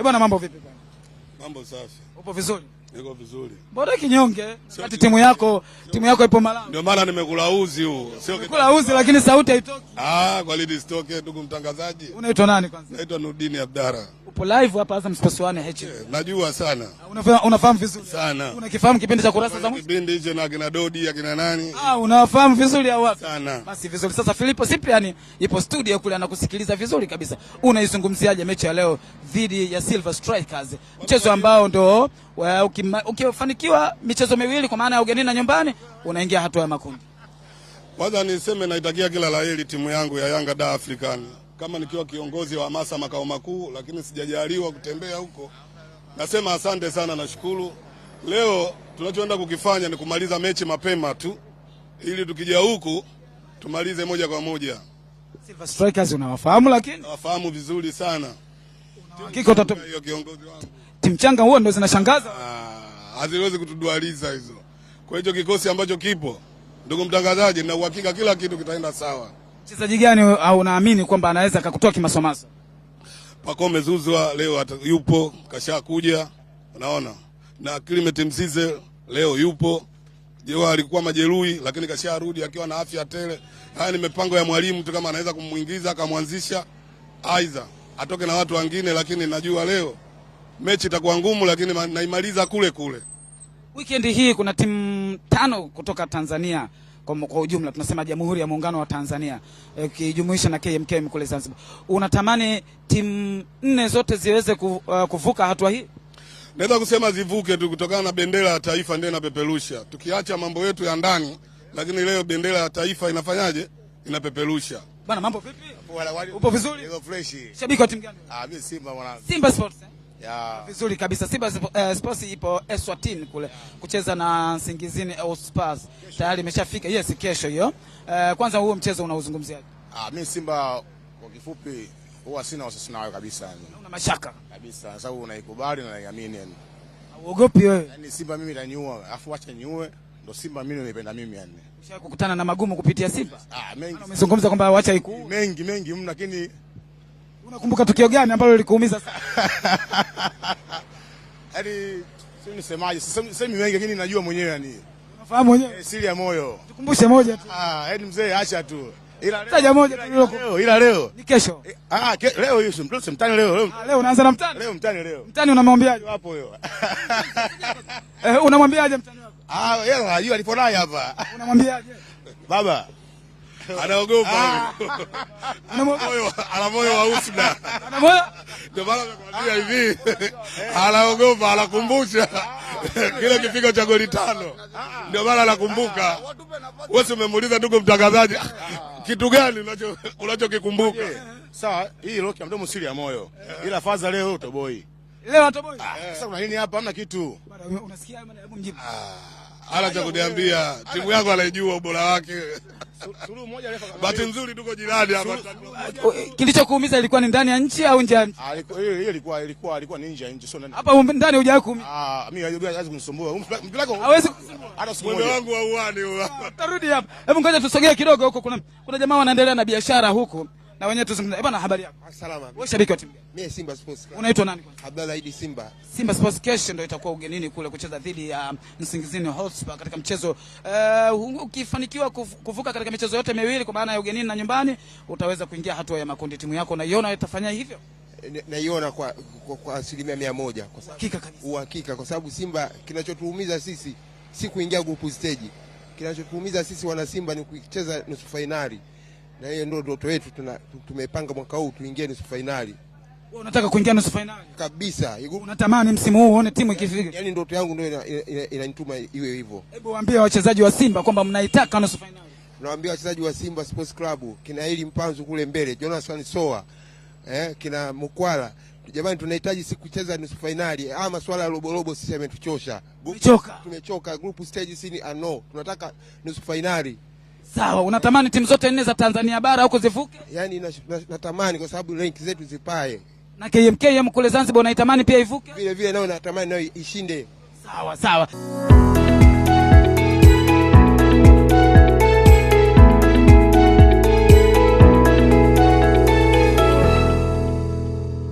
Eh, bwana mambo vipi bwana? Mambo safi. Upo vizuri? Niko vizuri. Bora kinyonge Wakati timu yako, timu yako ipo Malawi. Ndio maana nimekula uzi huu. Sio kula uzi lakini sauti haitoki. Ah, kwa lidi sitoke ndugu mtangazaji. Unaitwa nani kwanza? Naitwa Nurdini Abdara. Tupo live hapa Azam Sports 1 H. Eh, eh, najua sana. Ah, unafahamu unafahamu vizuri. Sana. Unakifahamu kipindi cha kurasa za mwisho? Kipindi hicho na kina Dodi ya kina nani? Ah, unafahamu vizuri au wapi? Sana. Basi vizuri. Sasa Filipo Cyprian ipo studio kule anakusikiliza vizuri kabisa. Unaizungumziaje mechi ya leo dhidi ya Silver Strikers? Mchezo ambao ndo eh, ukifanikiwa michezo miwili kwa maana ya ugenini na nyumbani unaingia hatua ya makundi. Kwanza niseme naitakia kila laheri timu yangu ya Yanga Da African kama nikiwa kiongozi wa hamasa makao makuu, lakini sijajaliwa kutembea huko. Nasema asante sana, nashukuru. Leo tunachoenda kukifanya ni kumaliza mechi mapema tu ili tukija huku tumalize moja kwa moja. Silver Strikers unawafahamu, lakini nawafahamu vizuri sana. Hakika tatu... hiyo kiongozi wangu. Timu changa huwa ndio zinashangaza. Ah, haziwezi kutudualiza hizo. Kwa hiyo kikosi ambacho kipo, ndugu mtangazaji, na uhakika kila kitu kitaenda sawa. Mchezaji gani au unaamini kwamba anaweza akakutoa kimasomaso? Pakome zuzwa leo yupo, kasha kuja, unaona na Clement Mzize leo yupo. jeo, alikuwa majeruhi, lakini kasha rudi akiwa na afya tele. Haya ni mipango ya mwalimu tu, kama anaweza kumuingiza akamwanzisha, aidha atoke na watu wengine, lakini najua leo mechi itakuwa ngumu, lakini naimaliza kule kule. Weekend hii kuna timu tano kutoka Tanzania kwa, kwa ujumla tunasema Jamhuri ya Muungano wa Tanzania eh, ukijumuisha e, na KMKM kule Zanzibar, unatamani timu nne zote ziweze ku, uh, kuvuka hatua hii? Naweza kusema zivuke tu kutokana na bendera ya taifa ndio inapeperusha, tukiacha mambo yetu ya ndani, lakini leo bendera ya taifa inafanyaje? Inapeperusha. Bwana mambo vipi? Upo vizuri? Fresh. Shabiki wa timu gani? Ah, mimi Simba mwanangu. Simba Sports. Eh? yeah. Vizuri kabisa. Simba uh, Sports ipo Eswatini kule yeah. kucheza na Singizini au Spurs tayari imeshafika. Yes, kesho hiyo. Uh, kwanza huo mchezo unauzungumziaje? Ah, mimi Simba kwa kifupi huwa sina wasiwasi nayo kabisa. yani. Una mashaka kabisa, sababu unaikubali na naiamini yani. Hauogopi wewe? Yani Simba mimi itaniua, afu acha niue ndo Simba mimi nimependa mimi yani. Ushawahi kukutana na magumu kupitia Simba? Ah, mengi. Umezungumza kwamba acha iku. Mengi mengi mna lakini Unakumbuka tukio gani ambalo lilikuumiza sana? Hadi yaani, sio nisemaje, sisemi mengi lakini najua mwenyewe yani. Unafahamu mwenyewe? Eh, siri ya moyo. Tukumbushe moja tu. Ah, yaani mzee acha tu. Ila leo. Taja moja tu leo. Ila leo. Ni kesho. Eh, ah, leo Yusuf, leo si mtani leo. Leo. Ah, leo unaanza na mtani. Leo mtani leo. Mtani unamwambiaje? Hapo huyo. Eh, unamwambiaje mtani wako? Ah, yeye anajua alipo naye hapa. Unamwambiaje? Baba, anaogopa ah. ana moyo wa usda, ndio maana nakwambia hivi, anaogopa anakumbusha kile kipigo cha goli tano, ndio maana anakumbuka. Wewe umemuuliza ndugu mtangazaji, kitu gani unachokikumbuka? Sawa, hii Rocky mdomo siri ya moyo, ila faza leo utoboi leo atoboi. Ah, sasa kuna nini hapa? Hamna kitu, unasikia? Hebu mjibu, ala ah, cha kuniambia timu yako anaijua ubora wake. Bahati nzuri tuko jirani hapa. Eh, kilichokuumiza ilikuwa ni ndani ya nchi au nje ya ah, Hiyo ilikuwa ilikuwa ilikuwa ni nje ya nchi, sio ndani. Hapa ndani hujawahi kuumia. Ah, mimi haiwezi kunisumbua. Mpira wako. Hawezi hata siku moja. wangu wa uani huo. Tarudi hapa. Hebu ngoja tusogee kidogo huko kuna kuna jamaa wanaendelea na biashara huko na wenyewe tuzungumze bwana. Habari yako? Salama. Wewe shabiki wa timu gani? Mimi Simba Sports Club. Unaitwa nani kwanza? Abdalla Idi Simba. Simba Sports kesho ndio itakuwa ugenini kule kucheza dhidi ya um, Msingizini Hotspur katika mchezo Eh, uh, ukifanikiwa kuvuka katika michezo yote miwili kwa maana ya ugenini na nyumbani utaweza kuingia hatua ya makundi. Timu yako unaiona itafanya hivyo? Naiona kwa kwa asilimia mia moja kwa sababu uhakika kabisa, uhakika kwa sababu Simba kinachotuumiza sisi si kuingia group stage, kinachotuumiza sisi wana Simba ni kucheza nusu fainali na hiyo ndio ndoto yetu, tumepanga mwaka huu tuingie nusu fainali. Wewe unataka kuingia nusu fainali kabisa? Unatamani msimu huu uone timu ikifika? Yaani ndoto yangu ndio inanituma iwe hivyo. Hebu waambie wachezaji wa Simba kwamba mnaitaka nusu fainali. Nawaambia wachezaji wa Simba Sports Club, kina Eli Mpanzu kule mbele, Jonathan Soa, eh, kina Mukwala, jamani, tunahitaji siku cheza nusu fainali ama swala la robo robo, sisi ametuchosha. Tumechoka, tumechoka. Group stage sini ano, ah, tunataka nusu fainali. Sawa, unatamani timu zote nne za Tanzania bara huko zivuke? Yaani natamani kwa sababu rank zetu zipae. Na KMKM kule Zanzibar unaitamani pia ivuke? Vile vile nao natamani nao ishinde. Sawa sawa.